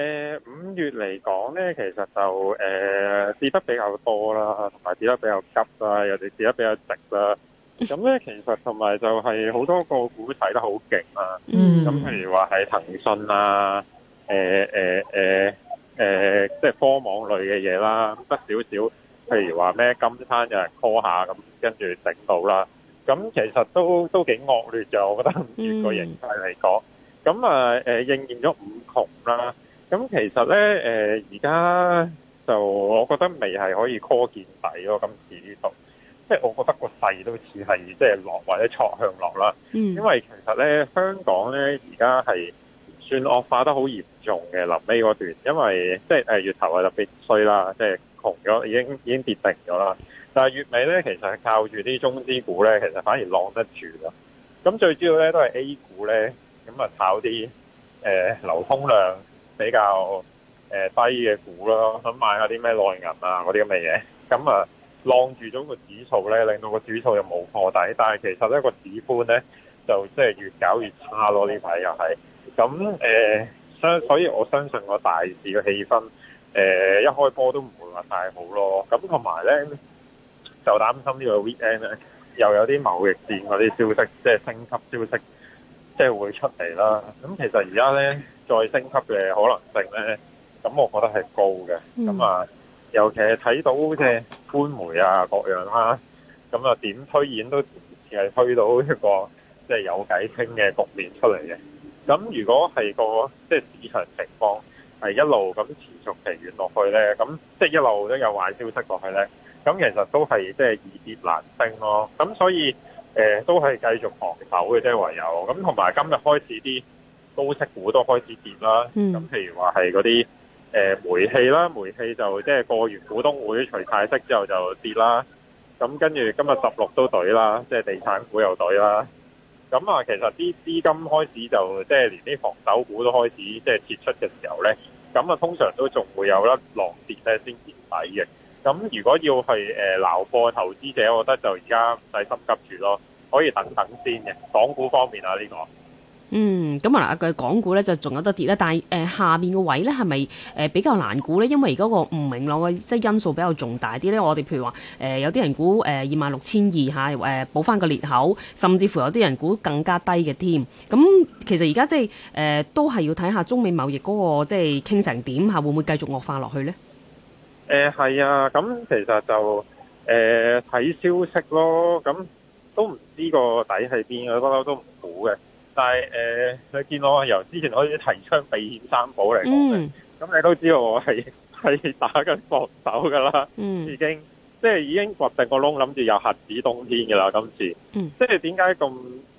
誒，五月嚟講咧，其實就誒，跌、欸、得比較多啦，同埋跌得比較急啦，又跌得比較直啦。咁咧，其實同埋就係好多個股睇得好勁啦。咁譬如話係騰訊啦，誒誒誒誒，即係科網類嘅嘢啦，得少少。譬如話咩金山有人 call 下，咁跟住整到啦。咁其實都都幾惡劣就我覺得。五月個形勢嚟講，咁啊，誒、欸、應驗咗五窮啦。咁其實咧，誒而家就我覺得未係可以 call 見底咯。今次呢度，即係我覺得個勢都似係即係落或者挫向落啦。嗯，因為其實咧，香港咧而家係算惡化得好嚴重嘅。臨尾嗰段，因為即係誒月頭啊特別衰啦，即係窮咗已經已經跌定咗啦。但係月尾咧，其實係靠住啲中資股咧，其實反而攔得住咯。咁最主要咧都係 A 股咧，咁啊炒啲誒、呃、流通量。比較誒低嘅股咯，想買下啲咩內銀啊嗰啲咁嘅嘢。咁啊，浪住咗個指數咧，令到個指數又冇破底，但係其實咧、個指寬咧就即係越搞越差咯，呢排又係。咁誒、啊、相，所以我相信個大市嘅氣氛誒、啊、一開波都唔會話大好咯。咁同埋咧就擔心呢個 weekend 咧又有啲貿易戰嗰啲消息，即、就、係、是、升級消息，即、就、係、是、會出嚟啦。咁其實而家咧。再升級嘅可能性呢，咁我覺得係高嘅。咁啊，嗯、尤其係睇到即係官媒啊各樣啦、啊，咁啊點推演都似係推到一個即係有偈傾嘅局面出嚟嘅。咁如果係個即係、就是、市場情況係一路咁持續疲軟落去呢，咁即係一路都有壞消息落去呢，咁其實都係即係易跌難升咯、啊。咁所以誒、呃、都係繼續防守嘅即唯有咁，同埋今日開始啲。高息股都開始跌啦，咁譬、嗯、如話係嗰啲誒煤氣啦，煤氣就即係過完股東會除曬息之後就跌啦，咁跟住今日十六都懟啦，即、就、係、是、地產股又懟啦，咁啊其實啲資金開始就即係、就是、連啲防守股都開始即係、就是、撤出嘅時候呢。咁啊通常都仲會有一浪跌咧先見底嘅，咁如果要係誒撈貨投資者，我覺得就而家唔使心急住咯，可以等等先嘅。港股方面啊，呢、這個。嗯，咁啊嗱，嘅港股咧就仲有得跌啦，但係誒、呃、下邊嘅位咧係咪誒比較難估咧？因為而家個唔明朗嘅即係因素比較重大啲咧。我哋譬如話誒、呃、有啲人估誒二萬六千二嚇，誒、呃啊呃、補翻個裂口，甚至乎有啲人估更加低嘅添。咁、啊、其實而家即係誒都係要睇下中美貿易嗰、那個即係傾成點嚇，會唔會繼續惡化落去咧？誒係、呃、啊，咁、嗯、其實就誒睇、呃、消息咯，咁、嗯嗯、都唔知個底喺邊，不嬲都唔估嘅。但係，誒、呃，你見我由之前開始提倡避險三寶嚟講，咁你都知道我係係 打緊防守噶啦，嗯、已經即係已經掘定個窿，諗住有核子冬天噶啦。今次、嗯、即係點解咁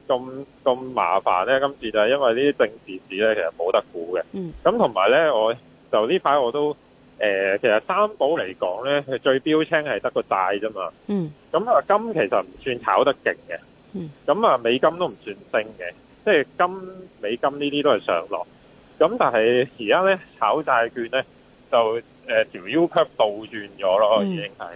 咁咁麻煩咧？今次就係因為呢啲政治市咧，其實冇得估嘅。咁同埋咧，我就呢排我都誒、呃，其實三寶嚟講咧，佢最標青係得個債啫嘛。咁啊、嗯嗯，金其實唔算炒得勁嘅，咁啊、嗯，美金都唔算升嘅。嗯嗯嗯嗯嗯嗯即係金、美金呢啲都係上落，咁但係而家咧炒債券咧就誒條、呃、U 曲倒轉咗咯，已經係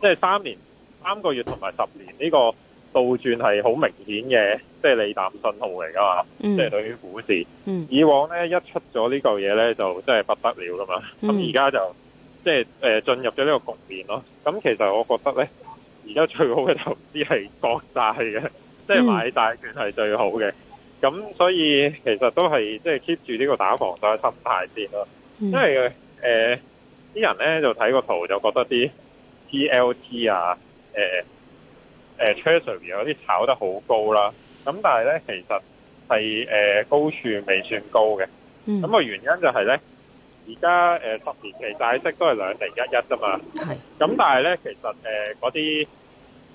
即係三年、三個月同埋十年呢個倒轉係好明顯嘅，即係利淡信號嚟噶嘛，即係、嗯、對於股市。嗯、以往咧一出咗呢嚿嘢咧就真係不得了噶嘛，咁而家就即係誒、呃、進入咗呢個局面咯。咁其實我覺得咧，而家最好嘅投資係國債嘅，即係買債券係最好嘅。咁所以其實都係即係 keep 住呢個打防守嘅心態先咯，因為誒啲、mm. 呃、人咧就睇個圖就覺得啲 TLT 啊、誒、呃、誒、啊、Treasury 有啲炒得好高啦，咁但係咧其實係誒、呃、高處未算高嘅，咁、mm. 個原因就係咧而家誒十年期債息都係兩零一一啫嘛，咁、mm. 但係咧其實誒嗰啲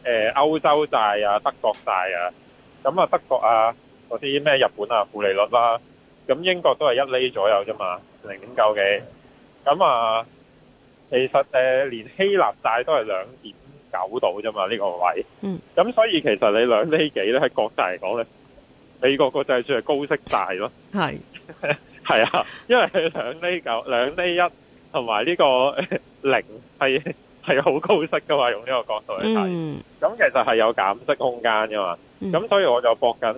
誒歐洲債啊、德國債啊，咁啊德國啊。嗰啲咩日本啊負利率啦、啊，咁英國都係一厘左右啫嘛，零點九幾，咁啊，其實誒連希臘債都係兩點九度啫嘛呢個位，嗯，咁所以其實你兩厘幾咧喺國際嚟講咧，美國國際算係高息債咯，係係是 啊，因為兩厘九兩厘一同埋呢個零係係好高息噶嘛，用呢個角度嚟睇，咁、嗯、其實係有減息空間噶嘛，咁所以我就搏緊。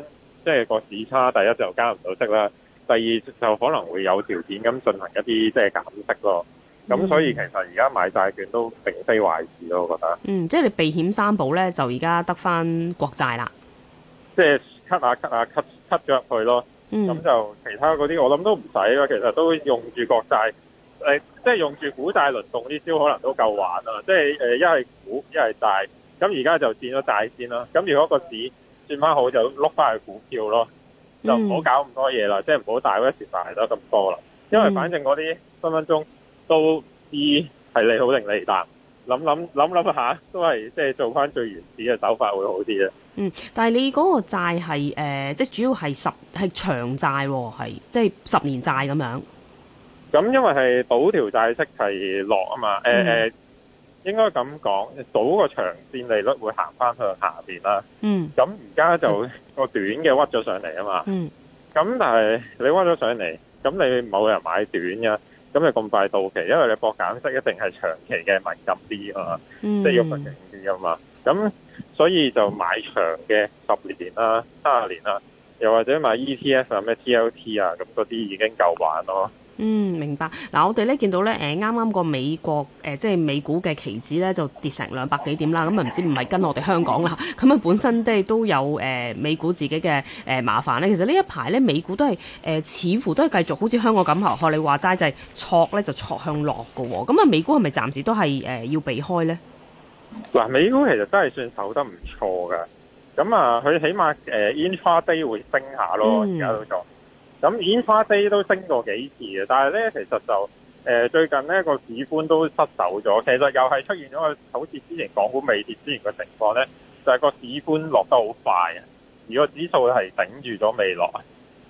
即係個市差，第一就加唔到息啦，第二就可能會有條件咁進行一啲即係減息咯。咁所以其實而家買債券都並非壞事咯，我覺得。嗯，即係你避險三寶咧，就而家得翻國債啦、嗯。即係吸下吸下吸吸咗入去咯，咁、嗯、就其他嗰啲我諗都唔使啦。其實都用住國債，誒、呃，即係用住股債輪動啲招，可能都夠玩啦。即係誒、呃，一係股，一係債，咁而家就佔咗債先啦。咁如果個市轉翻好就碌翻去股票咯，嗯、就唔好搞咁多嘢啦，即係唔好大一時大得咁多啦，因為反正嗰啲分分鐘都知係利好定利淡。但諗諗諗諗下都係即係做翻最原始嘅手法會好啲嘅。嗯，但係你嗰個債係、呃、即係主要係十係長債喎、啊，係即係十年債咁樣。咁因為係賭條債息係落啊嘛，誒、呃、誒。嗯應該咁講，賭個長線利率會行翻向下邊啦、啊。嗯，咁而家就個短嘅屈咗上嚟啊嘛。嗯，咁但係你屈咗上嚟，咁你冇人買短嘅，咁你咁快到期，因為你博減息一定係長期嘅敏感啲啊嘛，即係要敏感啲啊嘛。咁所以就買長嘅十年、啊、年啦、三十年啦，又或者買 ETF 啊、咩 TLT 啊，咁嗰啲已經夠玩咯。嗯，明白。嗱、啊，我哋咧見到咧，誒啱啱個美國誒、呃，即係美股嘅期指咧就跌成兩百幾點啦。咁啊，唔知唔係跟我哋香港啦。咁啊，本身都都有誒、呃、美股自己嘅誒、呃、麻煩咧。其實一呢一排咧，美股都係誒、呃，似乎都係繼續好似香港咁頭，學你話齋就挫、是、咧就挫向落嘅喎。咁啊，美股係咪暫時都係誒、呃、要避開咧？嗱、呃，美股其實真係算守得唔錯嘅。咁啊，佢起碼誒 intraday 低會升下咯。而家都錯？嗯。咁煙花地都升過幾次嘅，但係咧其實就誒、呃、最近呢個市寬都失手咗。其實又係出現咗個好似之前港股未跌之前嘅情況咧，就係個市寬落得好快，而個指數係頂住咗未落，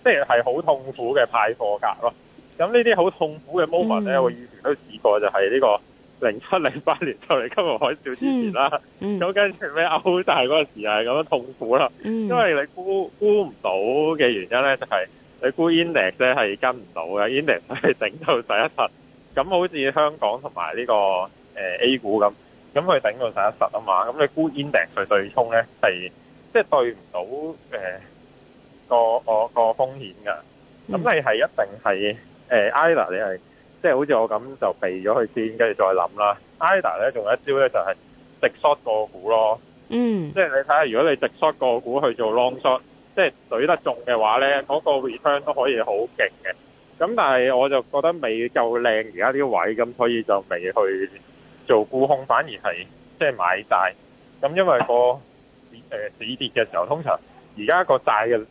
即係係好痛苦嘅派貨格咯。咁呢啲好痛苦嘅 moment 咧，mm. 我以前都試過就係呢、這個零七零八年就嚟金融海嘯之前啦，咁跟住咩歐債嗰陣時又係咁痛苦啦。因為你估估唔到嘅原因咧，就係、是。你沽 index 咧係跟唔到嘅，index 佢頂到第一實，咁好似香港同埋呢個誒 A 股咁，咁佢頂到第一實啊嘛，咁你沽 index 去對沖咧係即係對唔到誒個個個風險㗎，咁你係一定係誒 Ada 你係即係好似我咁就避咗佢先，跟住再諗啦。Ada 咧仲有一招咧就係直 short 個股咯，嗯，即係你睇下如果你直 short 個股去做 long short。即係對得中嘅話呢，嗰、嗰個 return 都可以好勁嘅。咁但係我就覺得未夠靚，而家呢個位咁，所以就未去做沽空，反而係即係買債。咁因為、個誒市、呃、跌嘅時候，通常而家個債嘅誒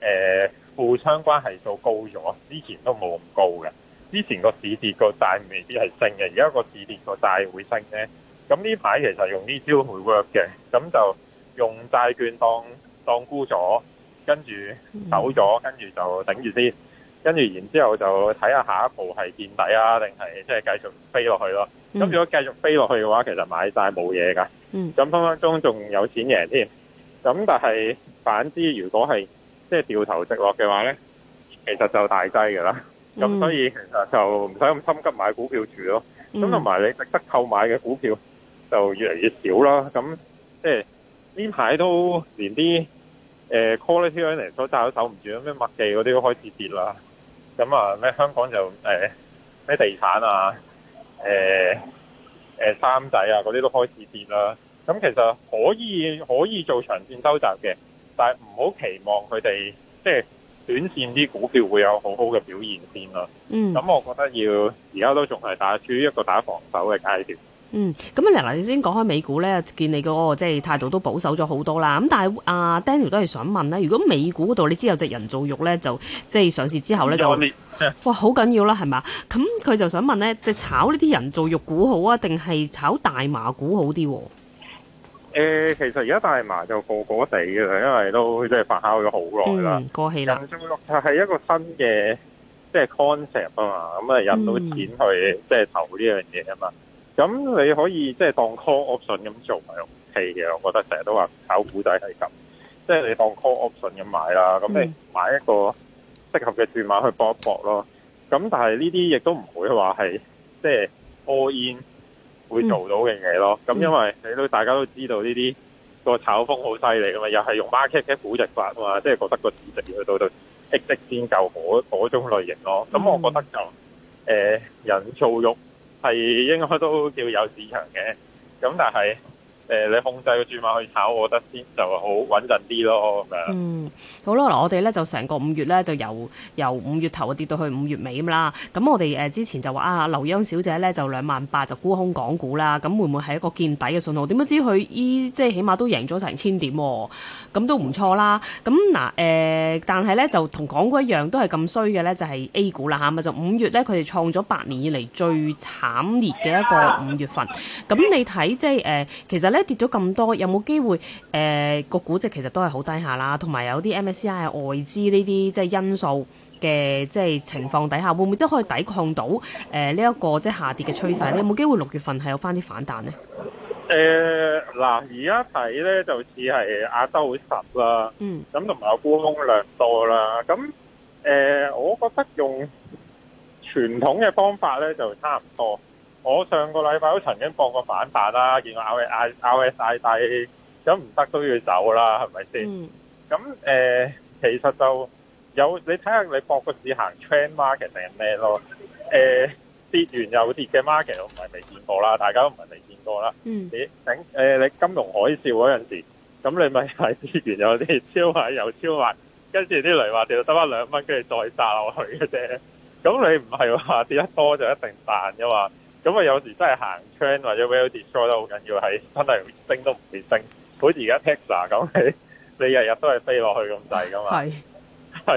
誒負相關係數高咗，之前都冇咁高嘅。之前個市跌個債未必係升嘅，而家個市跌個債會升呢。咁呢排其實用呢招會 work 嘅，咁就用債券當。當沽咗，跟住走咗，跟住就頂住先，跟住然之後就睇下下一步係見底啊，定係即係繼續飛落去咯。咁、嗯、如果繼續飛落去嘅話，其實買曬冇嘢㗎。咁、嗯、分分鐘仲有錢贏添。咁但係反之，如果係即係掉頭直落嘅話咧，其實就大劑㗎啦。咁、嗯、所以其實就唔使咁心急買股票住咯。咁同埋你值得購買嘅股票就越嚟越少啦。咁即係呢排都連啲。誒 call 啲 headline 所揸都守唔住，咩麥記嗰啲都開始跌啦。咁啊，咩香港就誒咩、欸、地產啊，誒誒衫仔啊嗰啲都開始跌啦。咁其實可以可以做長線收集嘅，但係唔好期望佢哋即係短線啲股票會有好好嘅表現先咯。嗯。咁我覺得要而家都仲係處於一個打防守嘅階段。嗯，咁啊，嗱，你先講開美股咧，見你嗰個即係態度都保守咗好多啦。咁但係阿、啊、Daniel 都係想問咧，如果美股嗰度你知有隻人造肉咧，就即係上市之後咧就哇好緊要啦，係嘛？咁佢就想問咧，即係炒呢啲人造肉股好啊，定係炒大麻股好啲？誒，其實而家大麻就過過地嘅啦，因為都即係發酵咗好耐啦，過氣啦。人造肉係一個新嘅，即係 concept 啊嘛，咁啊入到錢去、嗯、即係投呢樣嘢啊嘛。咁你可以即係當 call option 咁做係 O K 嘅。我覺得成日都話炒股仔係咁，即係你當 call option 咁買啦，咁你買一個適合嘅段碼去搏一搏咯。咁但係呢啲亦都唔會話係即係 all in 會做到嘅嘢咯。咁因為你都大家都知道呢啲個炒風好犀利噶嘛，又係用 market 嘅估值法嘛，即係覺得個市值去到到一值先夠嗰嗰種類型咯。咁我覺得就誒引騷鬱。係應該都叫有市場嘅，咁但係，誒，你控制個注碼可以炒，我覺得先就好穩陣啲咯咁樣。嗯，好啦，嗱，我哋咧就成個五月咧，就由由五月頭啊跌到去五月尾咁啦。咁我哋誒、呃、之前就話啊，劉央小姐咧就兩萬八就沽空港股啦。咁會唔會係一個見底嘅信號？點不知佢依、e，即係起碼都贏咗成千點，哦，咁都唔錯啦。咁嗱誒，但係咧就同港股一樣，都係咁衰嘅咧，就係、是、A 股啦嚇。咁、嗯、就五月咧，佢哋創咗八年以嚟最慘烈嘅一個五月份。咁你睇即係誒，其實。跌咗咁多，有冇機會？誒、呃、個估值其實都係好低下啦，同埋有啲 MSCI 外資呢啲即係因素嘅即係情況底下，會唔會即係可以抵抗到誒呢一個即係下跌嘅趨勢？有冇機會六月份係有翻啲反彈呢？誒嗱、呃，而家睇咧就似係亞洲會十啦，咁同埋沽空量多啦。咁誒、呃，我覺得用傳統嘅方法咧就差唔多。我上個禮拜都曾經博個反彈啦，見個 R S I R S I 低，咁唔得都要走啦，係咪先？咁、嗯、誒，其實就有你睇下你博個市行 trend market 定係咩咯？誒、嗯、跌完又跌嘅 market 我唔係未見過啦，大家都唔係未見過啦。你等誒你金融海嘯嗰陣時，咁你咪係跌完又跌，超買又超賣，跟住啲雷話、嗯嗯、跌到得返兩蚊，跟住再炸落去嘅啫。咁你唔係話跌得多就一定彈嘅嘛？咁啊，有時真係行 train 或者 value discount 都好緊要，係真係升都唔見升，好似而家 Tesla 咁，你你日日都係飛落去咁滯噶嘛？係 是，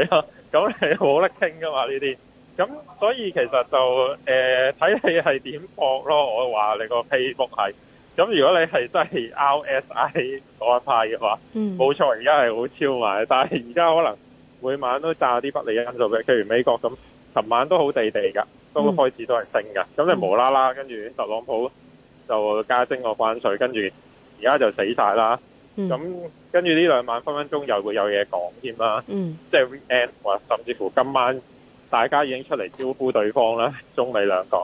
係啊，咁你冇得傾噶嘛呢啲。咁所以其實就誒睇、呃、你係點搏咯。我話你個 Facebook 係咁，如果你係真係 RSI 嗰一派嘅話，冇、 嗯、錯，而家係好超買。但係而家可能每晚都炸啲不利因素嘅，譬如美國咁，尋晚都好地地㗎。都、嗯、開始都係升嘅，咁你、嗯、無啦啦跟住特朗普就加徵個關稅，跟住而家就死晒啦。咁、嗯、跟住呢兩晚分分鐘又會有嘢講添啦。嗯、即係 weekend 甚至乎今晚大家已經出嚟招呼對方啦，中美兩個。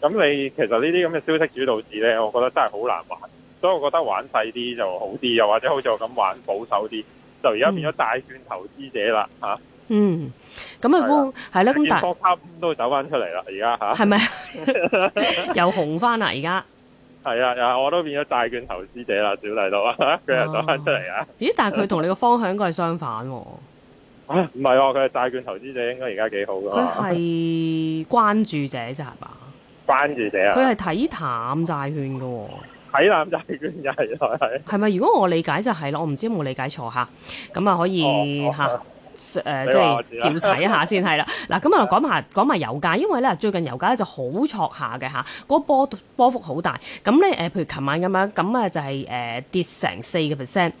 咁你其實呢啲咁嘅消息主導市呢，我覺得真係好難玩，所以我覺得玩細啲就好啲，又或者好似我咁玩保守啲，就而家變咗債券投資者啦嚇。嗯嗯。嗯，咁啊，係咧、啊，咁但都走翻出嚟啦，而家嚇，係、啊、咪不 又紅翻啦？而家係啊，又我都變咗債券投資者啦，小弟都，佢 又走翻出嚟啊！咦？但係佢同你個方向應該係相反喎。唔係喎，佢係、啊、債券投資者，應該而家幾好噶。佢係關注者咋係嘛？ 關注者啊！佢係睇淡債券噶喎。睇淡債券啊，係係咪？如果我理解就係、是、咯，我唔知有冇理解錯吓。咁啊，可以嚇。 誒、呃、即係調查一下先係啦，嗱咁啊講下講埋油價，因為咧最近油價咧就好挫下嘅嚇，嗰波波幅好大，咁咧誒，譬如琴晚咁樣、就是，咁啊就係誒跌成四個 percent，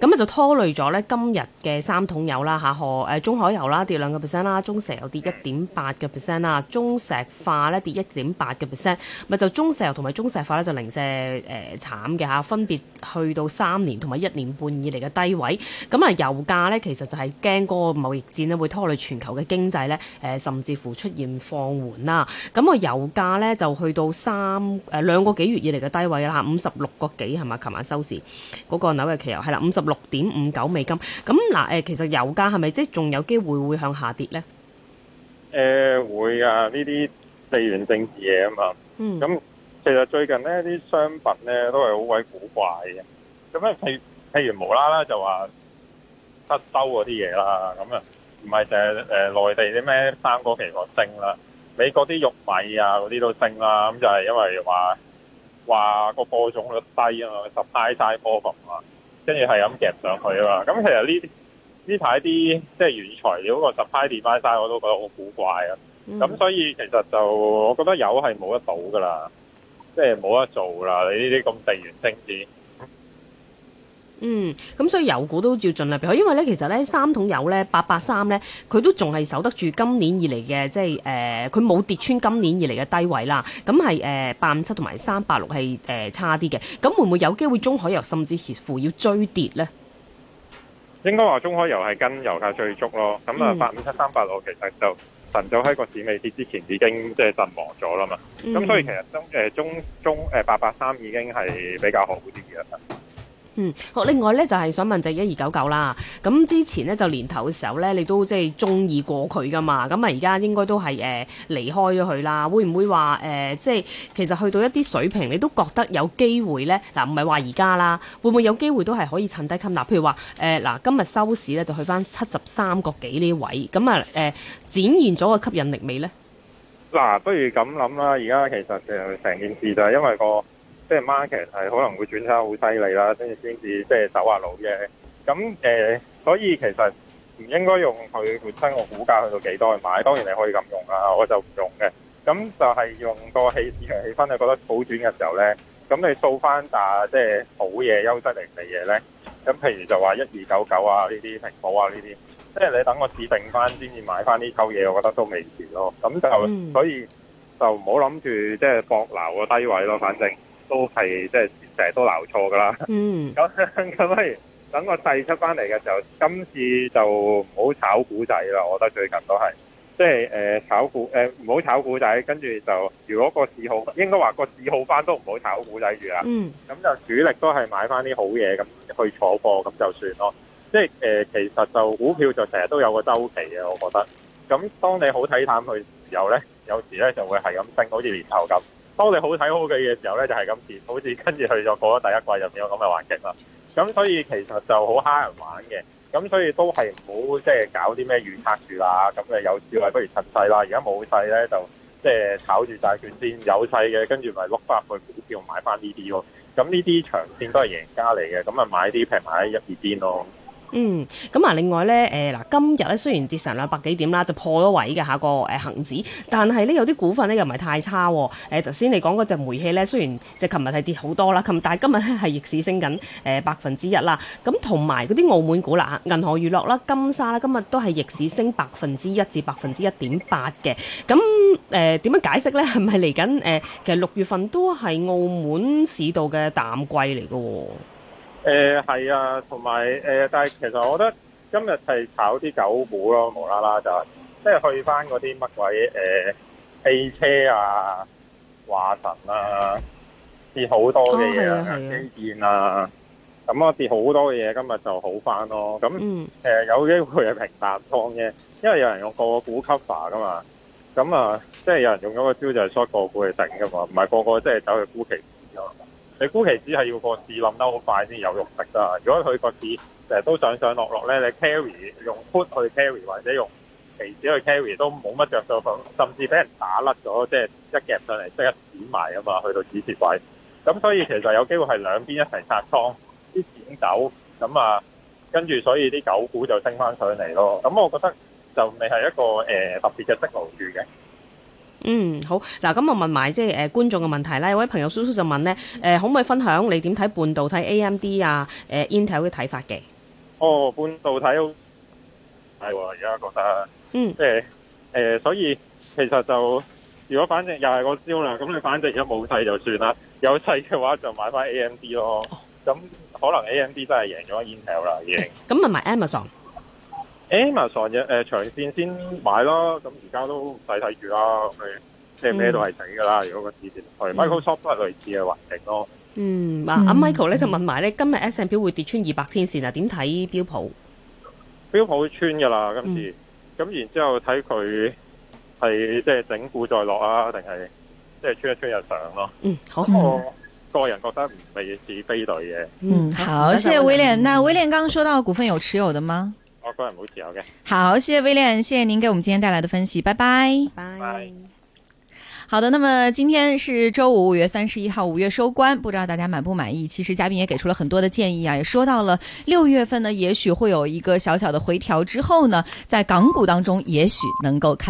咁啊就拖累咗咧今日嘅三桶油啦嚇，河誒中海油啦跌兩個 percent 啦，中石油跌一點八個 percent 啦，中石化咧跌一點八個 percent，咪就中石油同埋中石化咧就零舍誒慘嘅嚇，分別去到三年同埋一年半以嚟嘅低位，咁啊油價咧其實就係驚過。個貿易戰咧會拖累全球嘅經濟咧，誒，甚至乎出現放緩啦。咁個油價咧就去到三誒兩個幾月以嚟嘅低位啦，五十六個幾係嘛？琴晚收市嗰個紐約期油係啦，五十六點五九美金。咁嗱，誒，其實油價係咪即係仲有機會會向下跌咧？誒，會噶，呢啲地緣政治嘢啊嘛。嗯。咁其實最近呢啲商品咧都係好鬼古怪嘅。咁誒，譬譬如無啦啦就話。德州嗰啲嘢啦，咁啊，唔係淨係誒內地啲咩三個期貨升啦，美國啲玉米啊嗰啲都升啦，咁就係因為話話個播種率低啊嘛，supply side component 啊，跟住係咁夾上去啊嘛，咁其實呢呢排啲即係原材料個 supply side side 我都覺得好古怪啊，咁所以其實就我覺得有係冇得到噶啦，即係冇得做啦，你呢啲咁地緣政治。嗯，咁所以油股都要盡量俾佢，因為咧其實咧三桶油咧八八三咧，佢都仲係守得住今年以嚟嘅，即係誒，佢、呃、冇跌穿今年以嚟嘅低位啦。咁係誒八五七同埋三八六係誒差啲嘅。咁會唔會有機會中海油甚至乎要追跌咧？應該話中海油係跟油價最足咯。咁、嗯、啊，八五七三八六其實就晨早喺個市未跌之前已經即係陣亡咗啦嘛。咁所以其實中誒中中誒八八三已經係比較好啲嘅。嗯，好。另外咧，就係、是、想問就一二九九啦。咁、嗯、之前咧就年頭嘅時候咧，你都即係中意過佢噶嘛？咁、嗯、啊，而家應該都係誒、呃、離開咗佢啦。會唔會話誒、呃、即係其實去到一啲水平，你都覺得有機會咧？嗱、呃，唔係話而家啦，會唔會有機會都係可以趁低吸納？嗱，譬如話誒嗱，今日收市咧就去翻七十三個幾呢位，咁啊誒展現咗個吸引力未咧？嗱、啊，不如咁諗啦。而家其實誒成件事就係因為個。即係 market 係可能會轉差好犀利啦，跟住先至即係走下路嘅。咁誒、呃，所以其實唔應該用佢本身個股價去到幾多去買。當然你可以咁用啦，我就唔用嘅。咁就係用個氣市場氣氛，你覺得好轉嘅時候咧，咁你掃翻打即係好嘢、優質嚟嘅嘢咧。咁譬如就話一二九九啊，呢啲蘋果啊，呢啲，即係你等我指定翻先至買翻呢嚿嘢，我覺得都未遲咯。咁就所以就唔好諗住即係博撈個低位咯，反正。都係即係成日都鬧錯噶啦，咁咁不如等個第二出翻嚟嘅時候，今次就唔好炒股仔啦，我覺得最近都係即係誒炒股誒唔好炒股仔，跟住就如果個市好，應該話個市好翻都唔好炒股仔住啦。咁、嗯、就主力都係買翻啲好嘢，咁去坐貨咁就算咯。即係誒、呃、其實就股票就成日都有個周期嘅，我覺得。咁當你好睇淡佢時候咧，有時咧就會係咁升，好似年頭咁。當你好睇好佢嘅時候咧，就係咁跌，好似跟住去咗過咗第一季入面咁嘅環境啦。咁所以其實就好蝦人玩嘅，咁所以都係唔好即係搞啲咩預測住啦。咁啊有勢啊不如趁勢啦，而家冇勢咧就即係、就是、炒住債券先，有勢嘅跟住咪碌 o o 翻去股票買翻呢啲咯。咁呢啲長線都係贏家嚟嘅，咁啊買啲平埋喺一邊咯。嗯，咁啊，另外咧，誒、呃、嗱，今日咧雖然跌成兩百幾點啦，就破咗位嘅下個誒恆、呃、指，但係咧有啲股份咧又唔係太差啊。誒頭先你講嗰隻煤氣咧，雖然即係琴日係跌好多啦，琴但係今日咧係逆市升緊誒、呃、百分之一啦。咁同埋嗰啲澳門股啦，銀河娛樂啦、金沙啦，今日都係逆市升百分之一至百分之一點八嘅。咁誒點樣解釋咧？係咪嚟緊誒？其實六月份都係澳門市道嘅淡季嚟嘅喎。誒係、嗯嗯、啊，同埋誒，但係其實我覺得今日係炒啲舊股咯，無啦啦就係，即、就、係、是、去翻嗰啲乜鬼誒、呃、汽車啊、華晨啊，跌好多嘅嘢啊，基建、哦、啊，咁啊，啊跌好多嘅嘢，今日就好翻咯。咁、嗯、誒、嗯嗯嗯、有機會係平踏倉嘅，因為有人用個股 cover 噶嘛，咁啊即係有人用咗個招就係 short 個股嚟頂噶嘛，唔係個個即係走去沽期。你估期指係要個市冧得好快先有肉食啫，啊。如果佢個市成日都上上落落咧，你 carry 用 put 去 carry 或者用期指去 carry 都冇乜着數，甚至俾人打甩咗，即係一夾上嚟即刻剪埋啊嘛，去到止蝕位。咁所以其實有機會係兩邊一齊拆倉，啲錢走，咁啊跟住所以啲狗股就升翻上嚟咯。咁我覺得就未係一個誒、呃、特別嘅得路住嘅。嗯，好。嗱，咁我問埋即係誒觀眾嘅問題咧，有位朋友叔叔就問咧，誒、呃、可唔可以分享你點睇半導體 A M D 啊，誒、呃、Intel 嘅睇法嘅？哦，半導體，係、哎、喎，而家覺得，嗯、呃，誒、呃、誒，所以其實就如果反正又係個招啦，咁你反正而家冇勢就算啦，有勢嘅話就買翻 A M D 咯。咁、哦嗯、可能 A M D 都係贏咗 Intel 啦，已經。咁、欸、問埋 Amazon。Emma 上日誒長線先買咯，咁而家都唔使睇住啦，咁樣即係咩都係死噶啦。如果個市線去 Microsoft 都係類似嘅環境咯。嗯，嗱阿 Michael 咧就問埋咧，今日 S&P 會跌穿二百天綫啊？點睇標普？標普會穿噶啦今次，咁然之後睇佢係即係整固再落啊，定係即係穿一穿又上咯？嗯，好。我個人覺得唔係是非隊嘅。嗯，好，謝謝威廉。那威廉剛剛說到股份有持有的嗎？我個人冇事嘅，好，謝謝威廉，謝謝您給我們今天帶來的分析，拜拜，拜拜 Bye。好的，那麼今天是周五，五月三十一號，五月收官，不知道大家滿不滿意？其實嘉賓也給出了很多的建議啊，也說到了六月份呢，也許會有一個小小的回調，之後呢，在港股當中，也許能夠看。